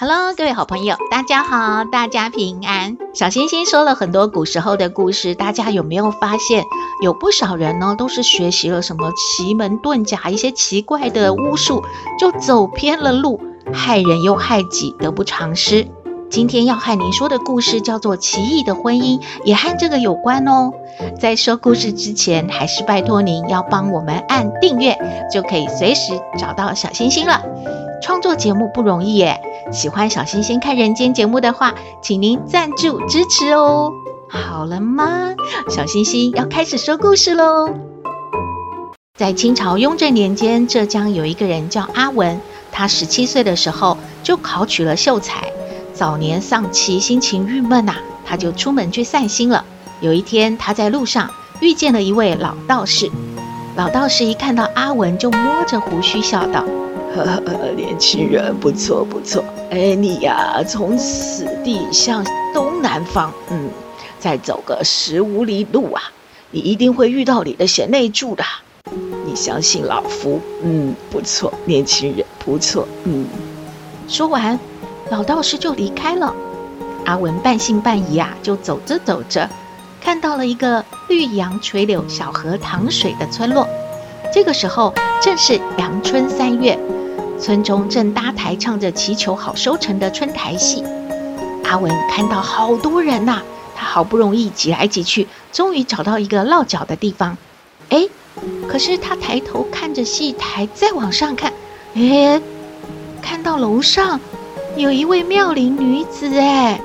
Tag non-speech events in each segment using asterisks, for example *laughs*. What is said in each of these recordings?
Hello，各位好朋友，大家好，大家平安。小星星說了很多古時候的故事，大家有沒有發現，有不少人呢，都是學習了什麼奇門遁甲，一些奇怪的巫術，就走偏了路，害人又害己，得不償失。今天要和您說的故事叫做《奇異的婚姻》，也和這個有關哦。在說故事之前，還是拜托您要幫我們按訂閱，就可以隨時找到小星星了。創作節目不容易耶，喜歡小星星看人間節目的話，請您贊助支持哦。好了嗎？小星星要開始說故事嘍。在清朝雍正年間，浙江有一個人叫阿文，他十七歲的時候就考取了秀才。早年喪妻，心情鬱悶吶、啊，他就出門去散心了。有一天，他在路上遇見了一位老道士。老道士一看到阿文，就摸着鬍鬚笑道。呵呵，年輕人不錯不錯，哎，你呀、啊，從此地向東南方，嗯，再走個十五里路啊，你一定會遇到你的賢內助的。你相信老夫，嗯，不錯，年輕人不錯，嗯。說完，老道士就離開了。阿文半信半疑啊，就走着走着，看到了一個綠楊垂柳、小河淌水的村落。這個時候正是陽春三月，村中正搭台唱着祈求好收成的春台戲。阿文看到好多人吶、啊，他好不容易擠來擠去，終於找到一個落腳的地方。哎，可是他抬頭看着戲台，再往上看，哎，看到樓上有一位妙齡女子。哎，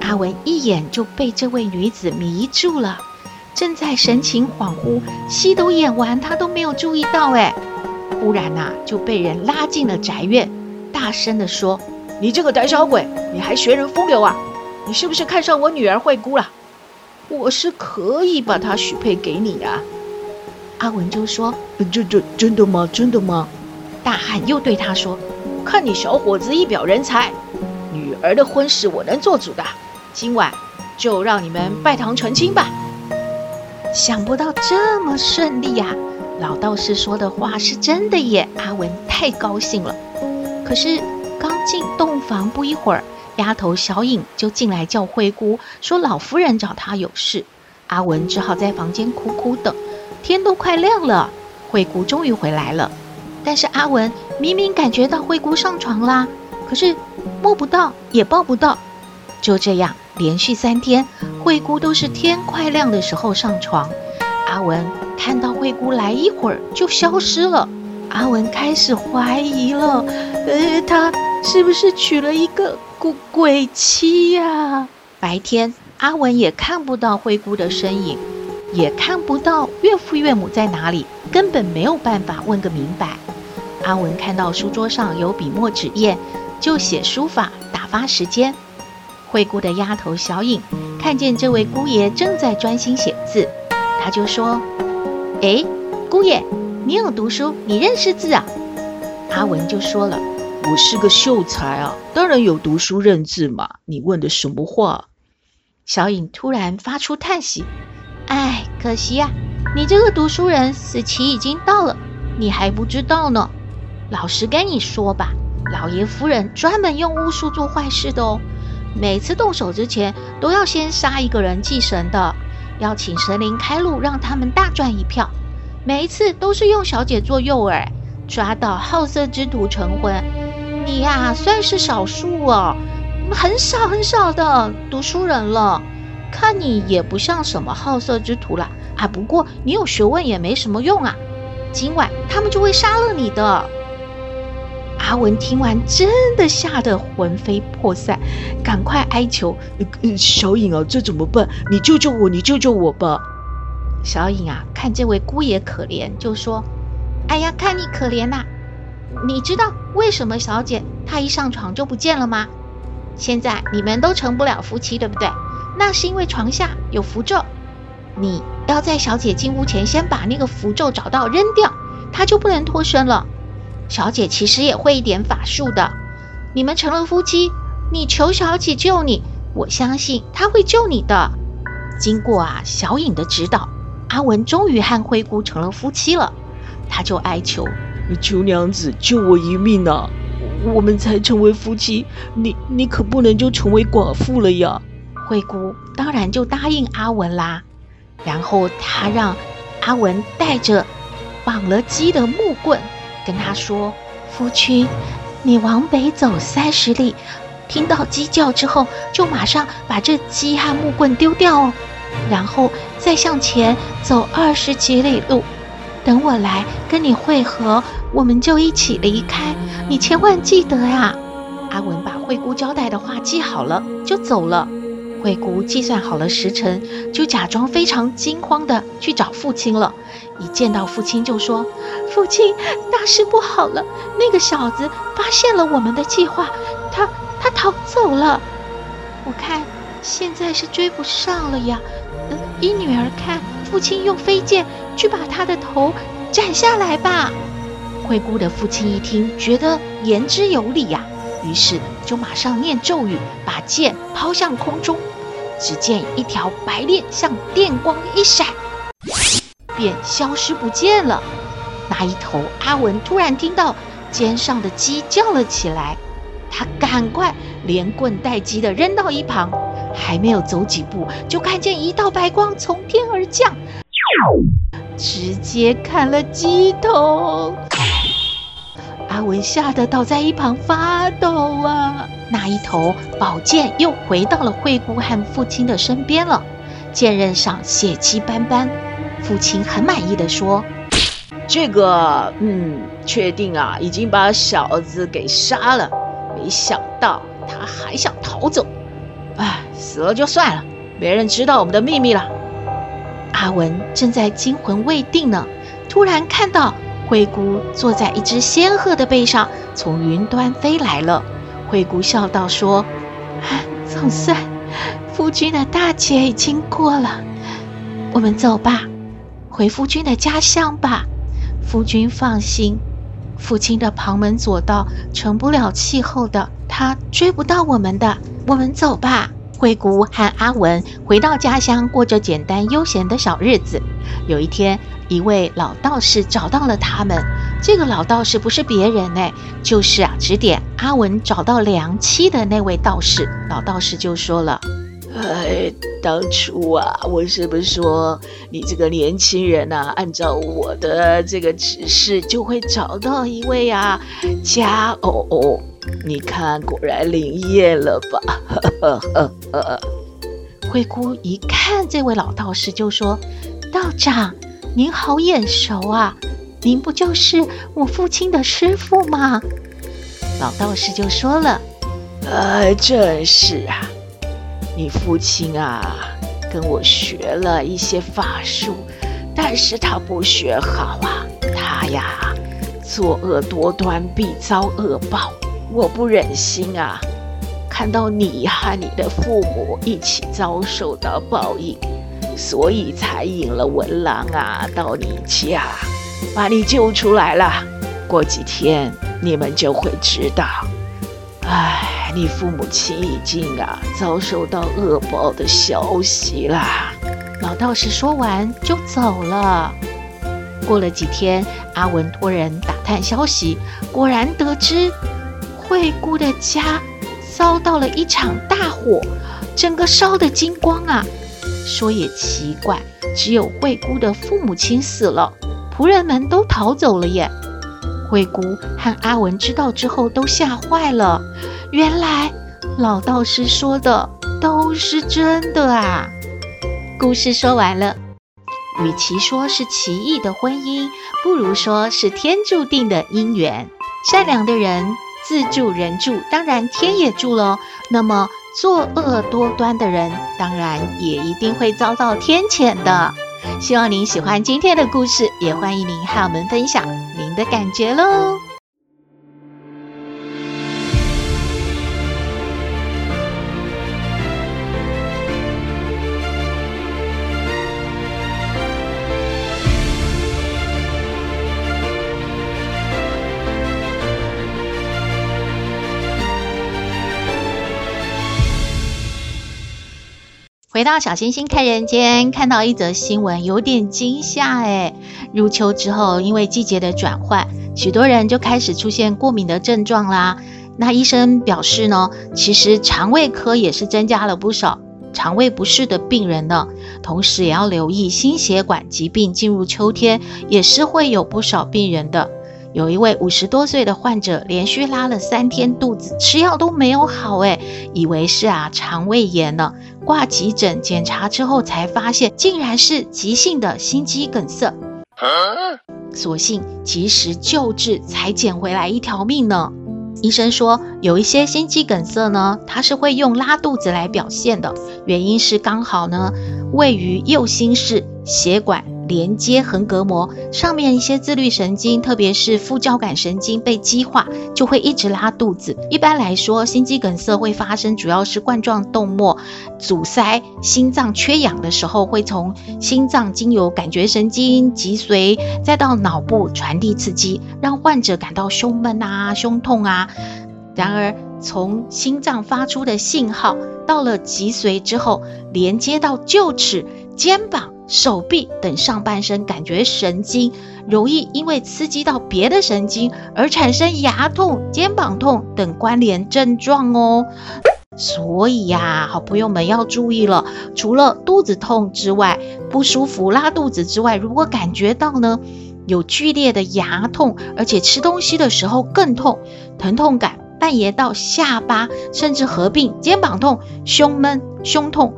阿文一眼就被這位女子迷住了。正在神情恍惚，戲都演完，他都沒有注意到。哎，忽然吶、啊，就被人拉進了宅院，大聲地說：“你這個膽小鬼，你還學人風流啊？你是不是看上我女兒惠姑了？我是可以把她許配給你啊！”阿文就說：“真這，這真的嗎？真的嗎？”大漢又對他說：“看你小伙子一表人才，女兒的婚事我能做主的。今晚就讓你們拜堂成親吧。”想不到這麼順利呀，啊！老道士說的話是真的耶！阿文太高興了。可是剛進洞房不一會兒，丫頭小影就進來叫慧姑，說老夫人找她有事。阿文只好在房間苦苦等，天都快亮了，慧姑終於回來了。但是阿文明明感覺到慧姑上床啦，可是摸不到也抱不到。就這樣連續三天。慧姑都是天快亮的時候上床。阿文看到慧姑來一會兒就消失了。阿文開始懷疑了，呃，他是不是娶了一個鬼鬼妻呀、啊？白天阿文也看不到慧姑的身影，也看不到岳父岳母在哪裡，根本沒有辦法問個明白。阿文看到書桌上有筆墨紙硯，就寫書法打發時間。惠姑的丫頭小影看見這位姑爺正在專心寫字，她就說：“哎，姑爺，你有讀書，你認識字啊？”阿文就說了：“我是個秀才啊，當然有讀書認字嘛。你問的什麼話？”小影突然發出嘆息：“哎，可惜呀，你這個讀書人死期已經到了，你還不知道呢。老實跟你說吧，老爺夫人專門用巫術做壞事的哦。”每次動手之前都要先殺一個人祭神的，要請神靈開路，讓他們大賺一票。每一次都是用小姐做誘餌，抓到好色之徒成婚。你呀，算是少數哦，很少很少的讀書人了。看你也不像什麼好色之徒了。啊，不過你有學問也沒什麼用啊。今晚他們就會殺了你的。阿文聽完，真的嚇得魂飛魄散，趕快哀求，呃：“小影啊，這怎麼辦？你救救我，你救救我吧！”小影啊，看這位姑爺可憐，就說：“哎呀，看你可憐吶，啊！你知道為什麼小姐她一上床就不見了嗎？現在你們都成不了夫妻，對不對？那是因為床下有符咒，你要在小姐進屋前先把那個符咒找到扔掉，她就不能脫身了。”小姐其實也會一點法術的。你們成了夫妻，你求小姐救你，我相信她會救你的。經過啊，小影的指導，阿文終於和灰姑成了夫妻了。他就哀求：“你求娘子救我一命吶、啊！我們才成為夫妻，你你可不能就成為寡婦了呀！”灰姑當然就答應阿文啦。然後她讓阿文帶着綁了雞的木棍。跟他說：“夫君，你往北走三十里，聽到雞叫之後，就馬上把這雞和木棍丟掉哦，然後再向前走二十幾里路，等我來跟你會合，我們就一起離開。你千萬記得呀！”阿文把惠姑交代的話記好了，就走了。慧姑計算好了時辰，就假裝非常驚慌地去找父親了。一見到父親，就說：“父親，大事不好了！那個小子發現了我們的計劃，他他逃走了。我看現在是追不上了呀。嗯，依女兒看，父親用飛劍去把他的頭斬下來吧。”慧姑的父親一聽，覺得言之有理呀、啊。於是就馬上念咒語，把劍拋向空中。只見一條白練像電光一閃，便消失不見了。那一頭阿文突然聽到肩上的雞叫了起來，他趕快連棍帶雞地扔到一旁。還沒有走幾步，就看見一道白光從天而降，直接砍了雞頭。阿文嚇得倒在一旁發抖啊！那一頭寶劍又回到了惠姑和父親的身邊了，劍刃上血迹斑斑。父親很滿意地說：“這個，嗯，確定啊，已經把小子給殺了。沒想到他還想逃走，哎，死了就算了，沒人知道我們的秘密了。”阿文正在驚魂未定呢，突然看到。灰姑坐在一隻仙鶴的背上，從雲端飛來了。灰姑笑道說：“說，啊，總算，夫君的大劫已經過了，我們走吧，回夫君的家鄉吧。夫君放心，父親的旁門左道成不了氣候的，他追不到我們的，我們走吧。”灰姑和阿文回到家鄉，過着簡單悠閒的小日子。有一天，一位老道士找到了他們。這個老道士不是別人，哎，就是啊，指點阿文找到良妻的那位道士。老道士就說了：“哎，當初啊，我是不是說你這個年輕人吶、啊，按照我的這個指示，就會找到一位啊佳偶，偶？”你看，果然靈驗了吧？ *laughs* 灰姑一看這位老道士，就說：“道長，您好眼熟啊，您不就是我父親的師傅嗎？”老道士就說了：“呃，正是啊，你父親啊，跟我學了一些法術，但是他不學好啊，他呀，作惡多端，必遭惡報。”我不忍心啊，看到你和你的父母一起遭受到報應，所以才引了文郎啊到你家，把你救出來了。過幾天你們就會知道，唉，你父母親已經啊遭受到惡報的消息了。老道士說完就走了。過了幾天，阿文托人打探消息，果然得知。慧姑的家遭到了一場大火，整個燒得精光啊！說也奇怪，只有慧姑的父母親死了，僕人們都逃走了耶。慧姑和阿文知道之後都嚇壞了，原來老道士說的都是真的啊！故事說完了，與其說是奇異的婚姻，不如說是天注定的姻緣。善良的人。自助人助，當然天也助了哦。那麼作惡多端的人，當然也一定會遭到天譴的。希望您喜歡今天的故事，也歡迎您和我們分享您的感覺嘍。回到小星星看人間，看到一則新聞，有點驚嚇哎！入秋之後，因為季節的轉換，許多人就開始出現過敏的症狀啦。那醫生表示呢，其實腸胃科也是增加了不少腸胃不適的病人呢。同時也要留意心血管疾病，進入秋天也是會有不少病人的。有一位五十多歲的患者，連續拉了三天肚子，吃藥都沒有好哎，以為是啊腸胃炎呢。掛急診檢查之後，才發現竟然是急性的心肌梗塞，嗯，所幸及時救治，才撿回來一條命呢。醫生說，有一些心肌梗塞呢，它是會用拉肚子來表現的，原因是剛好呢位於右心室血管，連接橫膈膜上面一些自律神經，特別是副交感神經被激化，就會一直拉肚子。一般來說，心肌梗塞會發生，主要是冠狀動脈阻塞，心臟缺氧的時候，會從心臟經由感覺神經、脊髓，再到腦部傳遞刺激，讓患者感到胸悶啊、胸痛啊。然而，從心臟發出的信號到了脊髓之後，連接到臼齒、肩膀。手臂等上半身感覺神經容易因為刺激到別的神經而產生牙痛、肩膀痛等關聯症狀哦。所以呀、啊，好朋友們要注意了，除了肚子痛之外，不舒服、拉肚子之外，如果感覺到呢有劇烈的牙痛，而且吃東西的時候更痛，疼痛感蔓延到下巴，甚至合併肩膀痛、胸悶、胸痛。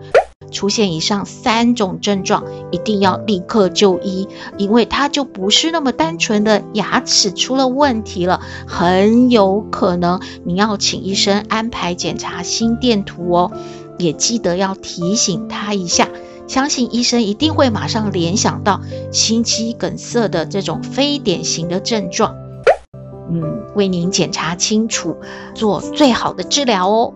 出現以上三種症狀，一定要立刻就醫，因為它就不是那麼單純的牙齒出了問題了，很有可能你要請醫生安排檢查心電圖哦，也記得要提醒他一下，相信醫生一定會馬上聯想到心肌梗塞的這種非典型的症狀，嗯，為您檢查清楚，做最好的治療哦。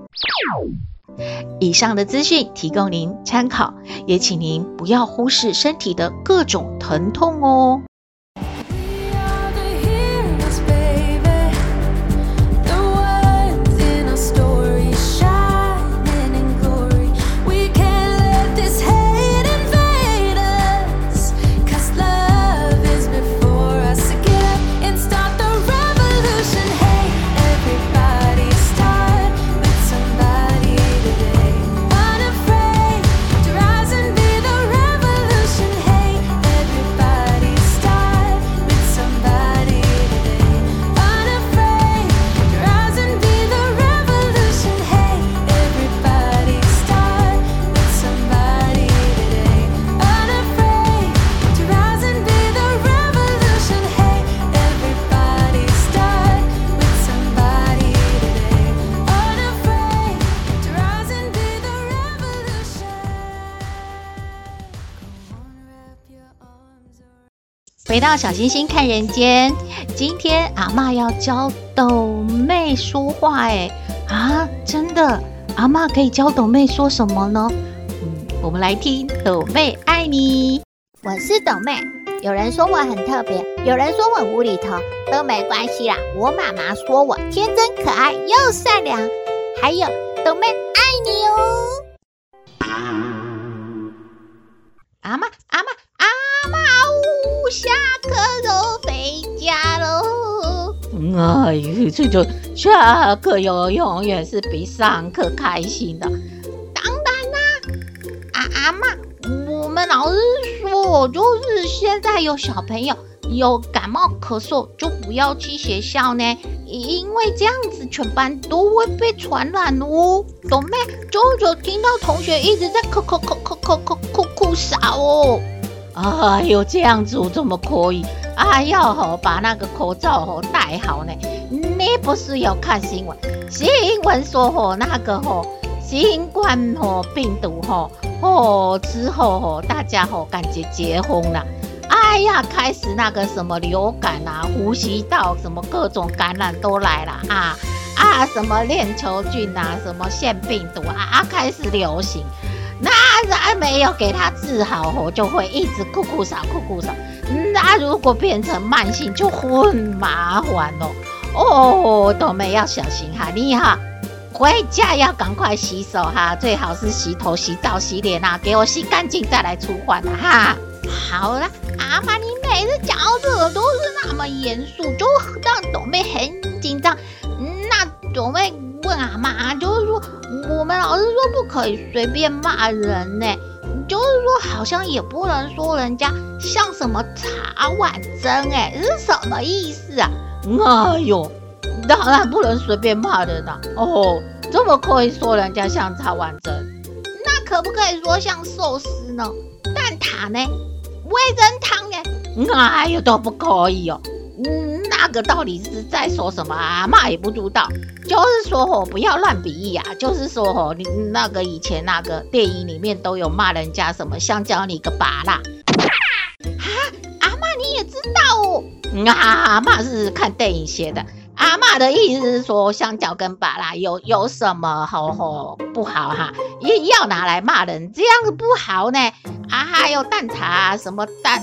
以上的資訊提供您參考，也請您不要忽視身體的各種疼痛哦。回到小星星看人間，今天阿嬤要教斗妹說話。欸，哎，啊，真的，阿嬤可以教斗妹說什麼呢？嗯，我們來聽斗妹愛你。我是斗妹，有人說我很特別，有人說我無厘頭，都沒關係啦。我媽媽說我天真可愛又善良，還有斗妹愛你哦。阿、啊、媽、阿、啊、媽、阿、啊、媽哦。下課嘍，回家嘍、嗯。哎呦，就下課喲，永遠是比上課開心的。當然啦、啊啊，阿阿媽，我們老師說，就是現在有小朋友有感冒咳嗽，就不要去學校呢，因為這樣子全班都會被傳染哦。懂沒？就就聽到同學一直在咳咳咳咳咳咳咳咳啥哦？哎喲，這樣子怎麼可以？哎呀，把那個口罩吼戴好呢。你不是有看新聞？新聞說吼，那個吼新冠吼病毒吼之後吼，大家吼感覺結婚了。哎呀，開始那個什麼流感啊，呼吸道什麼各種感染都來了啊啊，什麼鏈球菌啊，什麼腺病毒啊，啊開始流行。那然沒有給他治好，我就會一直酷酷嗽酷酷嗽。那如果變成慢性就很麻煩嘍、哦。哦，斗妹要小心哈、啊，你哈回家要趕快洗手哈、啊，最好是洗頭、洗澡、洗臉啊，給我洗乾淨再來吃飯啊哈。好了，阿嬤，你每次講到這個都是那麼嚴肅，就讓斗妹很緊張。那斗妹。問阿嬤，就是說我們老師說不可以隨便罵人呢、欸，就是說好像也不能說人家像什麼茶碗蒸呢、欸？是什麼意思啊？哎呦，當然不能隨便罵人了、啊。哦，怎麼可以說人家像茶碗蒸？那可不可以說像壽司呢？蛋撻呢？味噌湯呢、嗯？哎呦，都不可以、哦、嗯。那個到底是在說什麼啊？阿嬤也不知道，就是說吼、哦、不要亂比喻啊，就是說吼、哦、你那個以前那個電影裡面都有罵人家什麼香蕉你個芭樂，啊 *laughs* 阿嬤你也知道，哦，啊、嗯、阿嬤是看電影寫的，阿嬤的意思是說香蕉跟芭樂有有什麼好吼不好哈、啊？要拿來罵人這樣子不好呢？啊還有蛋茶什麼蛋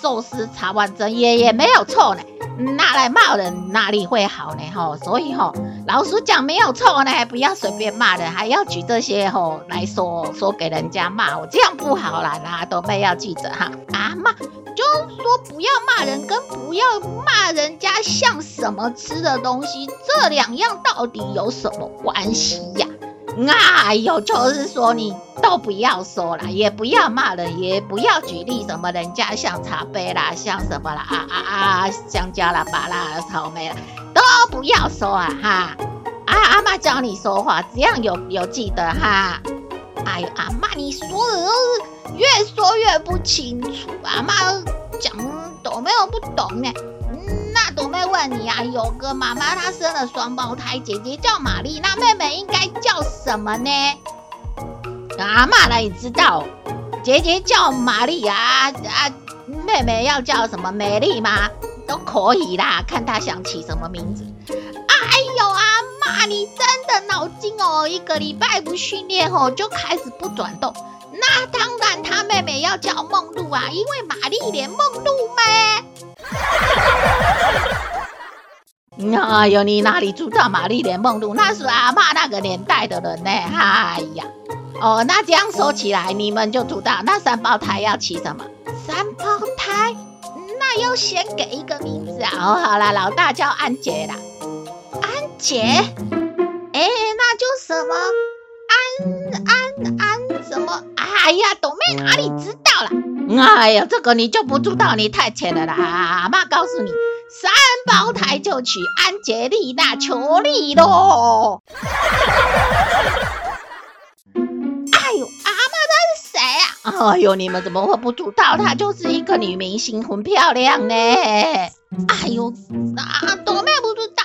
壽司茶碗蒸也也沒有錯呢。拿來罵人哪裡會好呢？吼，所以吼，老實講沒有錯呢，還不要隨便罵人，還要舉這些吼來說說給人家罵，我這樣不好啦。大家都要記着哈啊，罵就說不要罵人，跟不要罵人家像什麼吃的東西，這兩樣到底有什麼關係呀、啊？嗯啊、哎呦，就是說你都不要說了，也不要罵人，也不要舉例什麼人家像茶杯啦，像什麼啦，啊啊啊，香蕉啦、巴啦、草莓啦，都不要說啊哈！啊阿、啊、媽教你說話，只要有有記得哈。哎呦阿、啊、媽，你說的都是越說越不清楚，阿、啊、媽講懂沒有不懂呢？斗妹問你啊，有個媽媽她生了雙胞胎，姐姐叫瑪麗，那妹妹應該叫什麼呢？啊、阿嬤，你知道？姐姐叫瑪麗啊啊，妹妹要叫什麼美麗嗎？都可以啦，看她想起什麼名字。哎呦，阿嬤，你真的腦筋哦，一個禮拜不訓練後就開始不轉動。那當。但他妹妹要叫夢露啊，因為瑪麗蓮夢露嗎？嗯、哎喲，你哪裡知道瑪麗蓮夢露？那是阿嬤那個年代的人呢、欸。哎呀，哦，那這樣說起來，你們就知道那三胞胎要起什麼？三胞胎？那要先給一個名字、啊。哦，好啦，老大叫安傑啦。安傑，哎、嗯欸，那就什麼？哎呀，斗妹哪裡知道了？哎呀，這個你就不知道，你太淺了啦！阿嬤告訴你，三胞胎就取安杰麗娜，求你嘍 *laughs* 哎呦，阿嬤這是誰呀、啊？哎呦，你們怎麼會不知道？她就是一個女明星，很漂亮呢。哎呦，啊，斗妹不知道，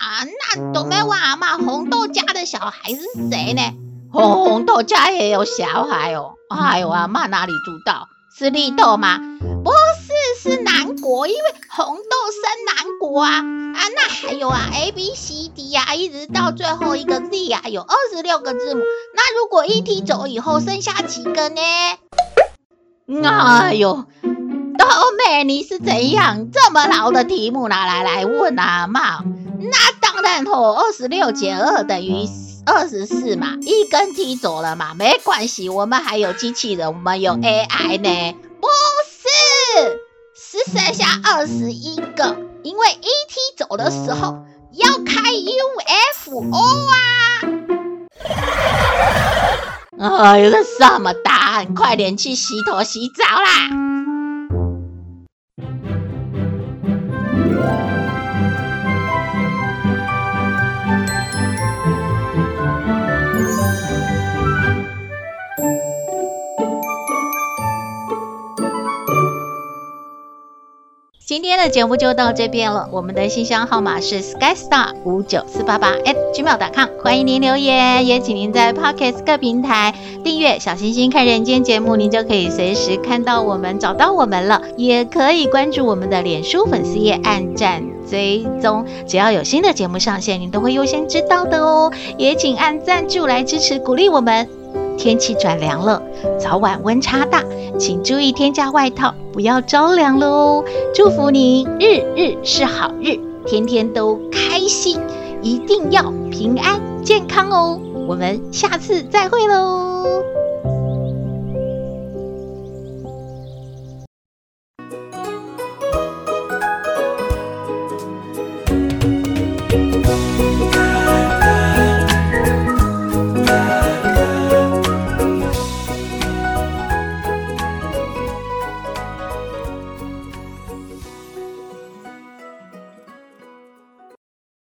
那斗妹問阿嬤，紅豆家的小孩是誰呢？紅、哦、紅豆家也有小孩哦，哎呦啊，媽哪裡知道是綠豆嗎？不是，是南瓜，因為紅豆生南瓜啊啊！那還有啊，A B C D 呀、啊，一直到最後一個 D 呀、啊，有二十六個字母。那如果一 T 走以後，剩下幾個呢？哎呦，豆妹你是怎樣，這麼老的題目拿、啊、來來問啊媽？那當然好，二十六減二等於。二十四嘛，一根 ET 走了嘛，沒關係，我們還有機器人，我們有 AI 呢，不是，是剩下二十一個，因為 ET 走的時候要開 UFO 啊！哎 *laughs* 呀、啊，這什麼答案？快點去洗頭洗澡啦！ *music* 今天的節目就到這邊了。我們的信箱號碼是 skystar 五九四八八 at gmail.com，歡迎您留言，也請您在 Podcast 各平台訂閱小星星看人間節目，您就可以隨時看到我們，找到我們了。也可以關注我們的臉書粉絲頁，按讚追蹤，只要有新的節目上線，您都會優先知道的哦。也請按贊助來支持鼓勵我們。天氣轉涼了，早晚溫差大，請注意添加外套，不要着涼嘍。祝福您日日是好日，天天都開心，一定要平安健康哦。我們下次再會嘍。